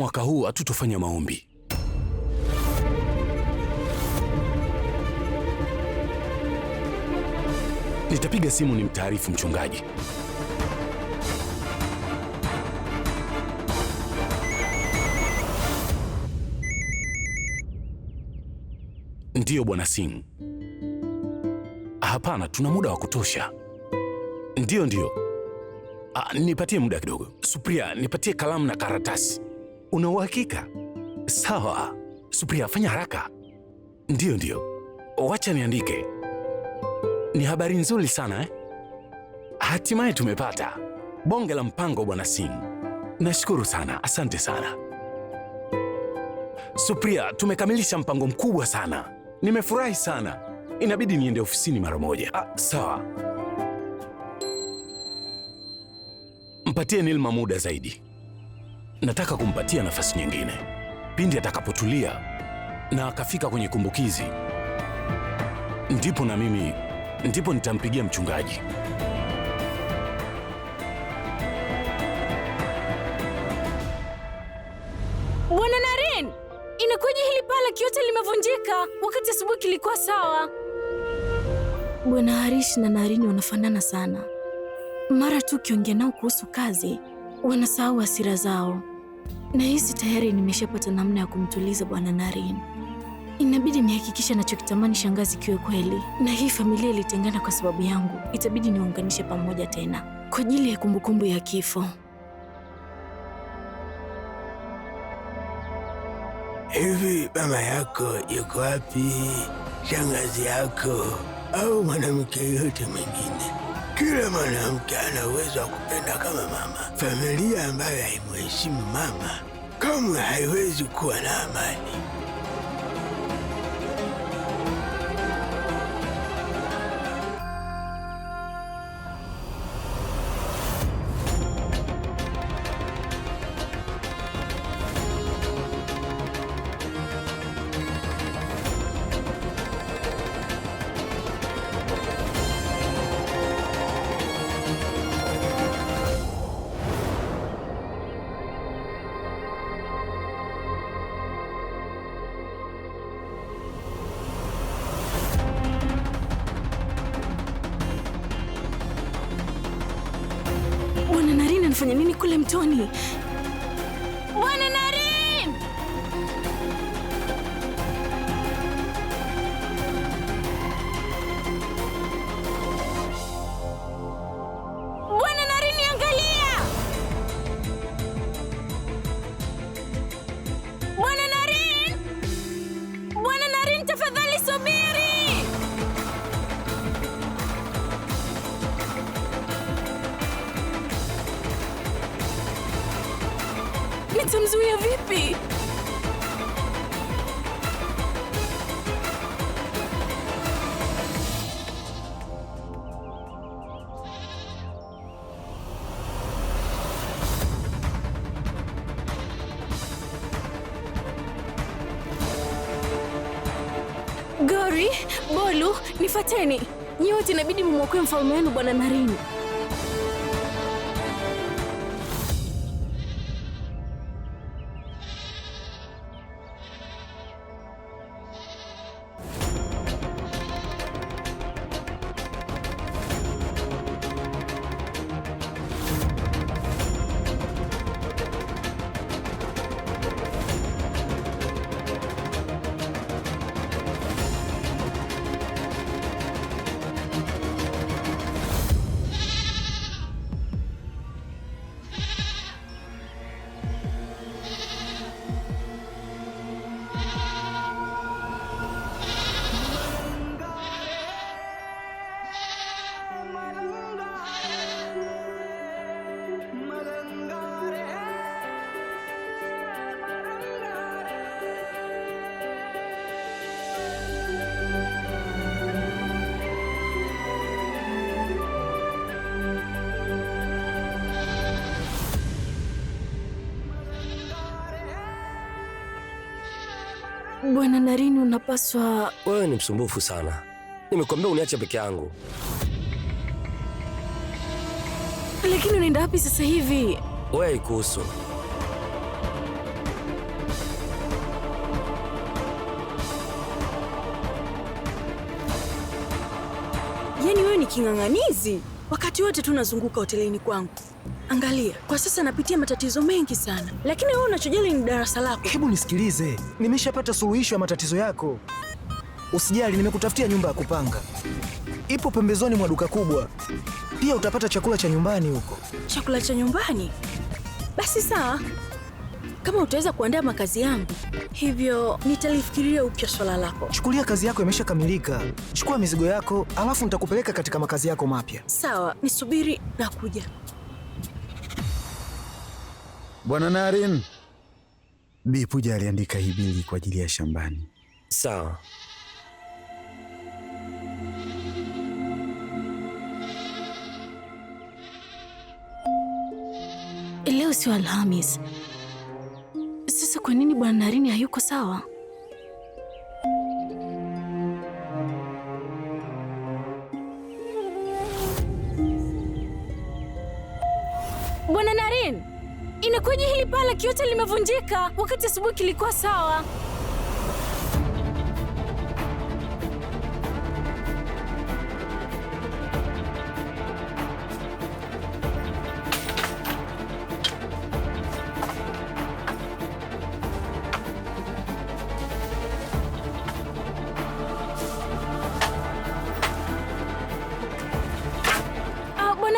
mwaka huu hatutofanya maombi. Nitapiga simu ni mtaarifu mchungaji. Ndiyo bwana Singh. Hapana, tuna muda wa kutosha. Ndiyo, ndiyo. A, ah, nipatie muda kidogo. Supriya, nipatie kalamu na karatasi. Una uhakika? Sawa supria fanya haraka. Ndiyo, ndiyo, wacha niandike. Ni habari nzuri sana eh? Hatimaye tumepata bonge la mpango, Bwana Singh. Nashukuru sana, asante sana Supriya, tumekamilisha mpango mkubwa sana. Nimefurahi sana, inabidi niende ofisini mara moja. Ah, sawa, mpatie Nilma muda zaidi. Nataka kumpatia nafasi nyingine pindi atakapotulia na akafika kwenye kumbukizi, ndipo na mimi ndipo nitampigia mchungaji. Bwana Naren, inakuwaje hili paa la kiota limevunjika wakati asubuhi kilikuwa sawa? Bwana Harish na Narini wanafanana sana. Mara tu ukiongea nao kuhusu kazi, wanasahau hasira zao. Nahisi tayari nimeshapata namna ya kumtuliza Bwana Naren. Inabidi nihakikishe anachokitamani shangazi kiwe kweli, na hii familia ilitengana kwa sababu yangu, itabidi niwaunganishe pamoja tena kwa ajili ya kumbukumbu ya kifo. Hivi mama yako yuko wapi? Shangazi yako au mwanamke yote mwingine? Kila mwanamke ana uwezo wa kupenda kama mama. Familia ambayo haimheshimu mama kamwe haiwezi kuwa na amani. unafanya nini kule mtoni? Mori, Bolu, nifateni nyote, inabidi mumwokoe mfalme wenu Bwana Narini. Bwana Narini, unapaswa... Wewe ni msumbufu sana, nimekuambia uniache peke yangu. Lakini unaenda wapi sasa hivi? Wewe ikuhusu. Yaani wewe ni king'ang'anizi, wakati wote tunazunguka hotelini kwangu. Angalia, kwa sasa napitia matatizo mengi sana, lakini wewe unachojali ni darasa lako. Hebu nisikilize, nimeshapata suluhisho ya matatizo yako. Usijali, nimekutafutia nyumba ya kupanga, ipo pembezoni mwa duka kubwa. Pia utapata chakula cha nyumbani huko. Chakula cha nyumbani? Basi sawa, kama utaweza kuandaa makazi yangu, hivyo nitalifikiria upya swala lako. Chukulia kazi yako imeshakamilika, chukua mizigo yako, alafu nitakupeleka katika makazi yako mapya. Sawa, nisubiri na kuja. Bwana Narin, Bi Puja aliandika hii bili kwa ajili ya shambani. Sawa. Leo sio Alhamis. Sasa kwa nini Bwana Narin hayuko sawa? Bwana Narin Inakuwaje hili paa la kiota limevunjika wakati asubuhi kilikuwa sawa?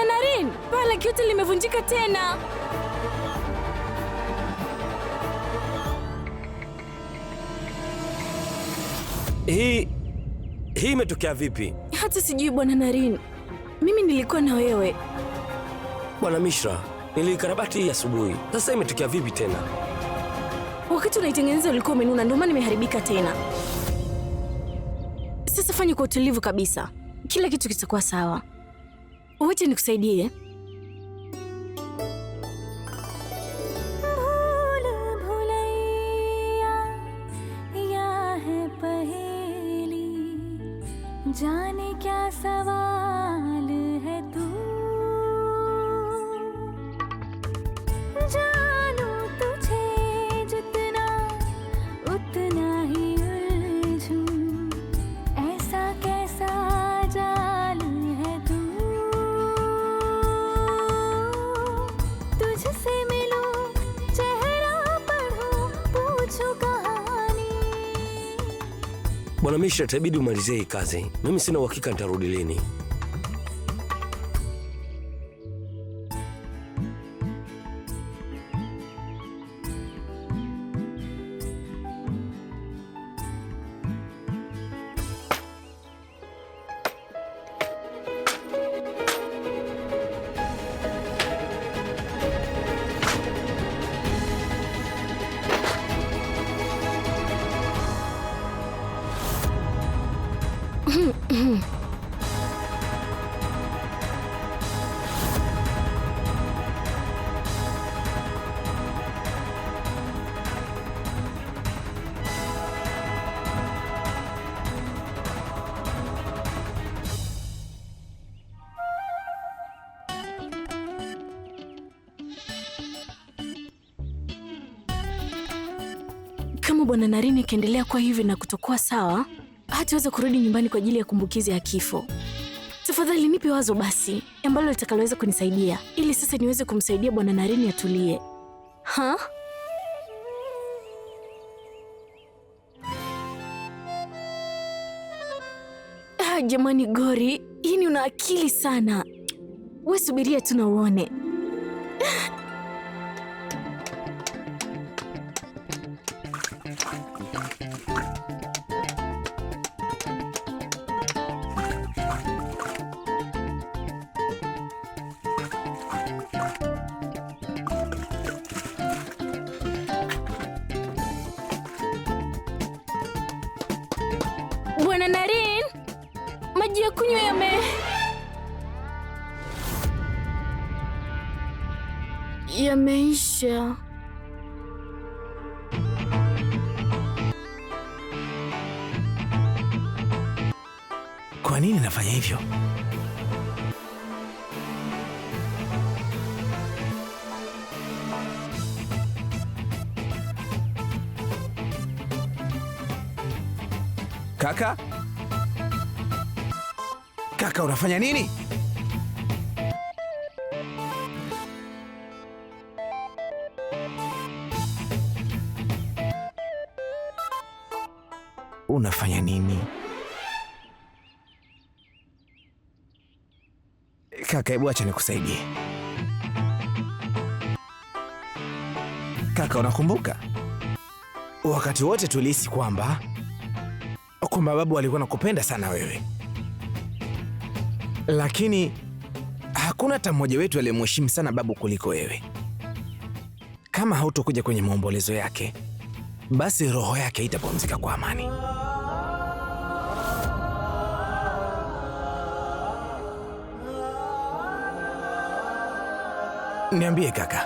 Ah, paa la kiota limevunjika tena. unajisikia vipi? Hata sijui bwana Naren, mimi nilikuwa na wewe. Bwana Mishra, nilikarabati hii asubuhi, sasa imetokea vipi tena? Wakati unaitengeneza ulikuwa umenuna, ndio maana imeharibika tena. Sasa fanye kwa utulivu kabisa, kila kitu kitakuwa sawa. Wacha nikusaidie. Bwana Misha, itabidi umalizie hii kazi. Mimi sina uhakika nitarudi lini. na Naren ikiendelea kuwa hivi na kutokuwa sawa, hataweza kurudi nyumbani kwa ajili ya kumbukizi ya kifo. Tafadhali nipe wazo basi ambalo litakaloweza kunisaidia ili sasa niweze kumsaidia bwana Naren atulie. Ha? Ah, jamani Gori, yaani una akili sana. Wewe subiria tu na uone. kwa nini nafanya hivyo? Kaka? Kaka unafanya nini? Kaka, hebu acha nikusaidie. Kaka, unakumbuka wakati wote tulihisi kwamba kwamba babu alikuwa nakupenda sana wewe, lakini hakuna hata mmoja wetu aliyemheshimu sana babu kuliko wewe. Kama hautokuja kwenye maombolezo yake, basi roho yake itapumzika kwa amani. Niambie kaka,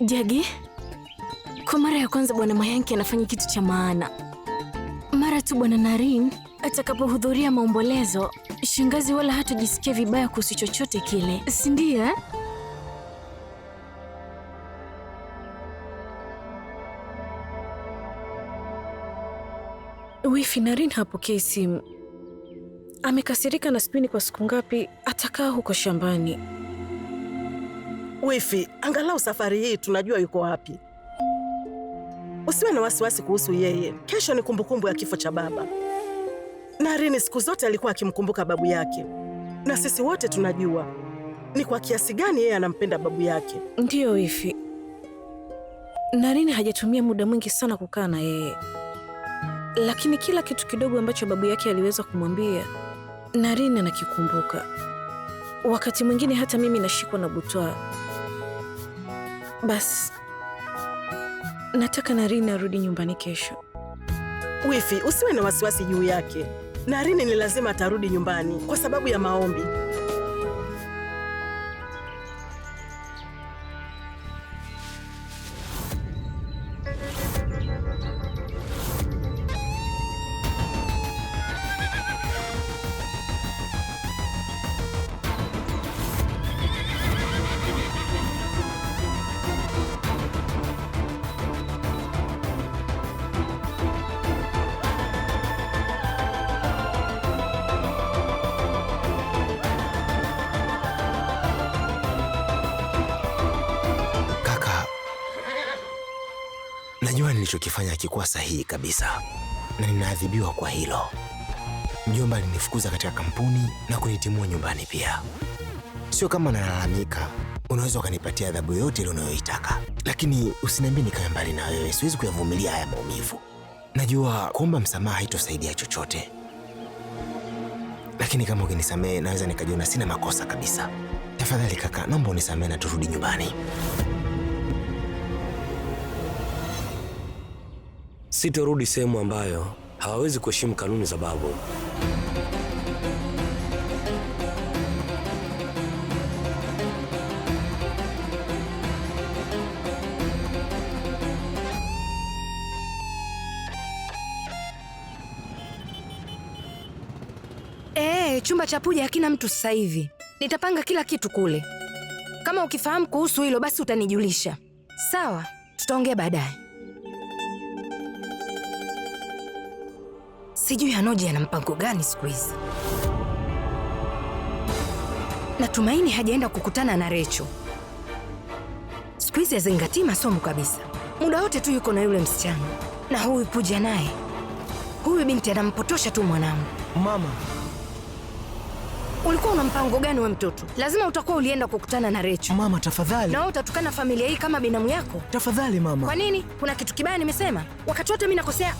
jagi kwa mara ya kwanza Bwana Mayanki anafanya kitu cha maana. Mara tu Bwana Naren atakapohudhuria maombolezo Shangazi wala hatajisikia vibaya kuhusu chochote kile, si ndio? Eh? Wifi, Naren hapokei simu, amekasirika na spini kwa siku ngapi atakaa huko shambani. Wifi, angalau safari hii tunajua yuko wapi. Usiwe na wasiwasi kuhusu yeye, kesho ni kumbukumbu ya kifo cha baba. Narini siku zote alikuwa akimkumbuka babu yake, na sisi wote tunajua ni kwa kiasi gani yeye anampenda babu yake. Ndiyo Ifi, narini hajatumia muda mwingi sana kukaa na yeye, lakini kila kitu kidogo ambacho babu yake aliweza kumwambia Narini anakikumbuka. Wakati mwingine hata mimi nashikwa na butwaa. Basi nataka Narini arudi nyumbani kesho. Wifi, usiwe na wasiwasi juu yake narini ni lazima atarudi nyumbani kwa sababu ya maombi. nilichokifanya hakikuwa sahihi kabisa, na ninaadhibiwa kwa hilo. Mjomba alinifukuza katika kampuni na kunitimua nyumbani pia. Sio kama nalalamika, unaweza ukanipatia adhabu yoyote ile unayoitaka, lakini usiniambie nikawe mbali na wewe. Siwezi kuyavumilia haya maumivu. Najua kuomba msamaha haitosaidia chochote, lakini kama ukinisamehe, naweza nikajiona sina makosa kabisa. Tafadhali kaka, naomba unisamehe na turudi nyumbani. Sitorudi sehemu ambayo hawawezi kuheshimu kanuni za babu. Eh, chumba cha Puja hakina mtu sasa hivi. Nitapanga kila kitu kule. Kama ukifahamu kuhusu hilo basi utanijulisha. Sawa, tutaongea baadaye. Sijui Hanoji ana mpango gani siku hizi. Natumaini hajaenda kukutana na Recho. Siku hizi hazingatii masomo kabisa, muda wote tu yuko na yule msichana. Na huyu Puja naye, huyu binti anampotosha tu mwanangu. Mama, ulikuwa una mpango gani we mtoto? Lazima utakuwa ulienda kukutana na Recho. Mama tafadhali. Na wewe utatukana familia hii kama binamu yako? Tafadhali mama. Kwa nini? Kuna kitu kibaya nimesema? Wakati wote mimi nakosea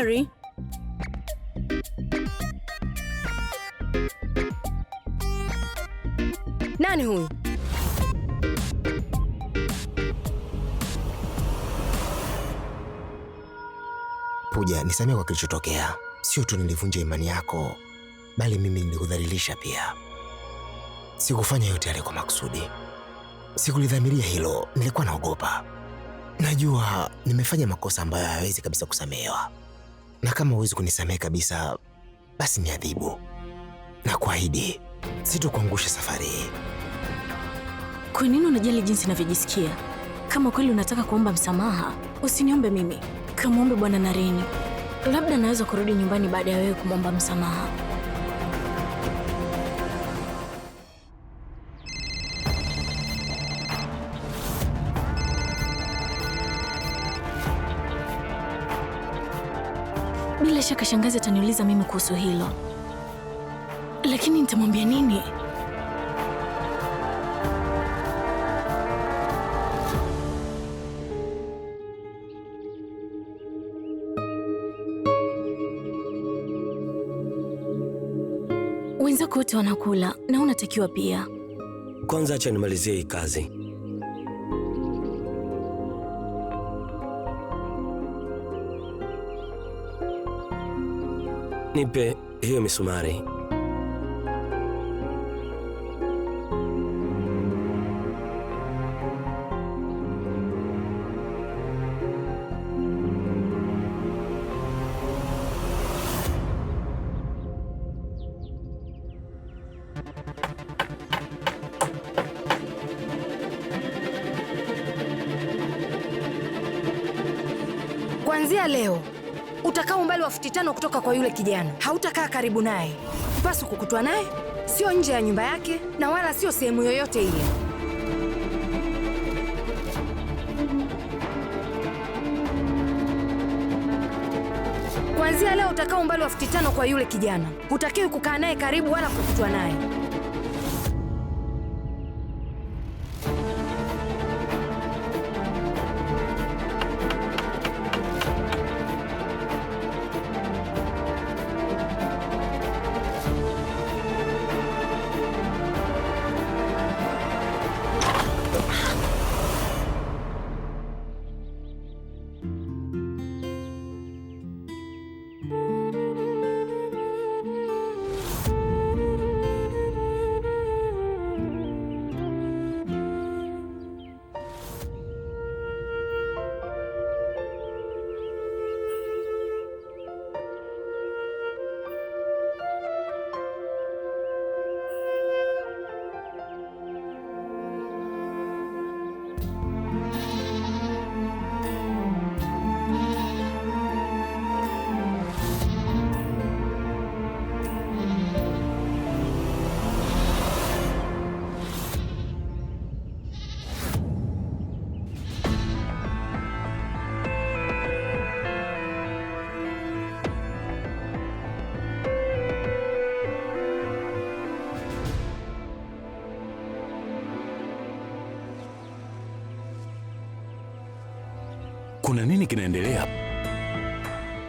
tayari. Nani huyu? Puja, nisamee kwa kilichotokea. Sio tu nilivunja imani yako, bali mimi nilikudhalilisha pia. Sikufanya yote yale kwa makusudi, sikulidhamiria hilo. Nilikuwa naogopa, najua nimefanya makosa ambayo hayawezi kabisa kusamehewa na kama huwezi kunisamehe kabisa, basi niadhibu na kuahidi sitokuangusha safari hii. Kwa nini unajali jinsi navyojisikia? Kama kweli unataka kuomba msamaha, usiniombe mimi, kamwombe Bwana Narini. Labda naweza kurudi nyumbani baada ya wewe kumwomba msamaha. Bila shaka shangazi ataniuliza mimi kuhusu hilo, lakini nitamwambia nini? Wenzako wote wanakula na unatakiwa pia. Kwanza acha nimalizie hii kazi. Nipe hiyo misumari. Kuanzia leo umbali wa futi tano kutoka kwa yule kijana. Hautakaa karibu naye, upaswa kukutwa naye, sio nje ya nyumba yake na wala sio sehemu yoyote ile. Kuanzia leo utakaa umbali wa futi tano kwa yule kijana, hutakiwi kukaa naye karibu wala kukutwa naye. kuna nini kinaendelea?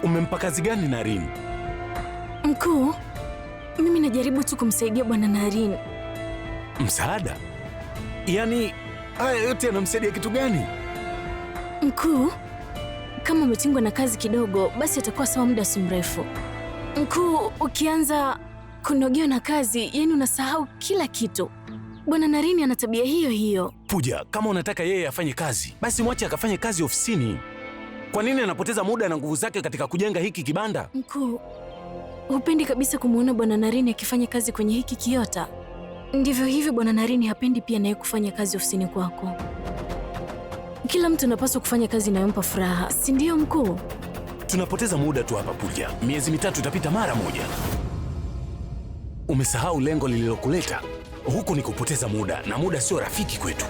Umempa kazi gani Naren? Mkuu, mimi najaribu tu kumsaidia bwana Naren. Msaada? Yaani haya yote yanamsaidia kitu gani? Mkuu, kama umetingwa na kazi kidogo, basi atakuwa sawa muda si mrefu. Mkuu, ukianza kunogewa na kazi, yani unasahau kila kitu. Bwana Naren ana tabia hiyo hiyo. Puja, kama unataka yeye afanye kazi, basi mwache akafanye kazi ofisini. Kwa nini anapoteza muda na nguvu zake katika kujenga hiki kibanda? Mkuu, hupendi kabisa kumwona Bwana Narini akifanya kazi kwenye hiki kiota. Ndivyo hivyo, Bwana Narini hapendi pia naye kufanya kazi ofisini kwako. Kila mtu anapaswa kufanya kazi inayompa furaha, si ndio mkuu? Tunapoteza muda tu hapa Puja. miezi mitatu itapita mara moja. Umesahau lengo lililokuleta huku, ni kupoteza muda na muda sio rafiki kwetu.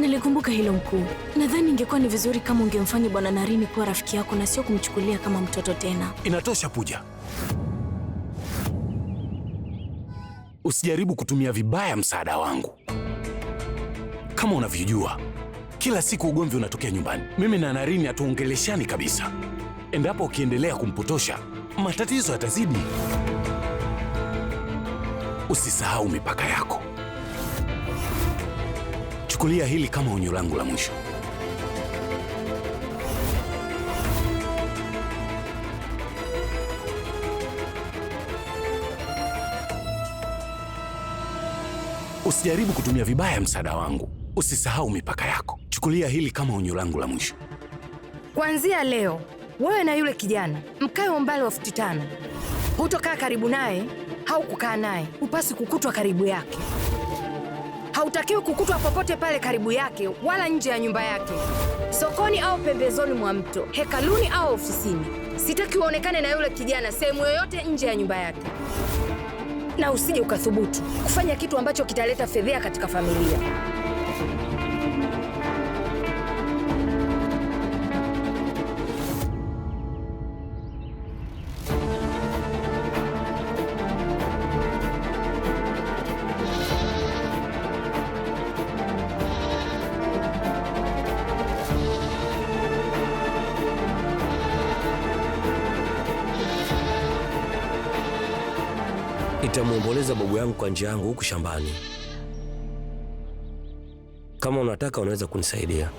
Nilikumbuka hilo mkuu. Nadhani ingekuwa ni vizuri kama ungemfanya Bwana narini kuwa rafiki yako na sio kumchukulia kama mtoto tena. Inatosha, puja Usijaribu kutumia vibaya msaada wangu. Kama unavyojua, kila siku ugomvi unatokea nyumbani. Mimi na narini hatuongeleshani kabisa. Endapo ukiendelea kumpotosha, matatizo yatazidi. Usisahau mipaka yako. Chukulia hili kama onyo langu la mwisho. Usijaribu kutumia vibaya msaada wangu. Usisahau mipaka yako. Chukulia hili kama onyo langu la mwisho. Kuanzia leo, wewe na yule kijana mkae umbali wa futi tano. Hutokaa karibu naye au kukaa naye, hupasi kukutwa karibu yake. Hautakiwi kukutwa popote pale karibu yake wala nje ya nyumba yake, sokoni au pembezoni mwa mto, hekaluni au ofisini. Sitaki uonekane na yule kijana sehemu yoyote nje ya nyumba yake, na usije ukathubutu kufanya kitu ambacho kitaleta fedheha katika familia. kumweleza babu yangu kwa njia yangu huku shambani. Kama unataka unaweza kunisaidia.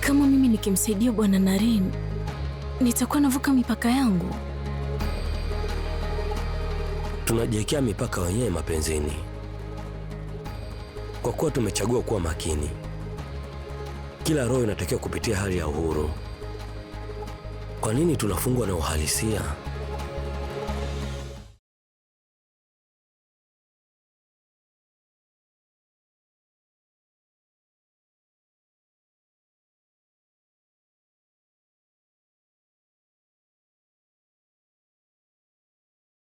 Kama mimi nikimsaidia Bwana Naren, nitakuwa navuka mipaka yangu. Tunajiwekea mipaka wenyewe mapenzini, kwa kuwa tumechagua kuwa makini. Kila roho inatakiwa kupitia hali ya uhuru. Kwa nini tunafungwa na uhalisia?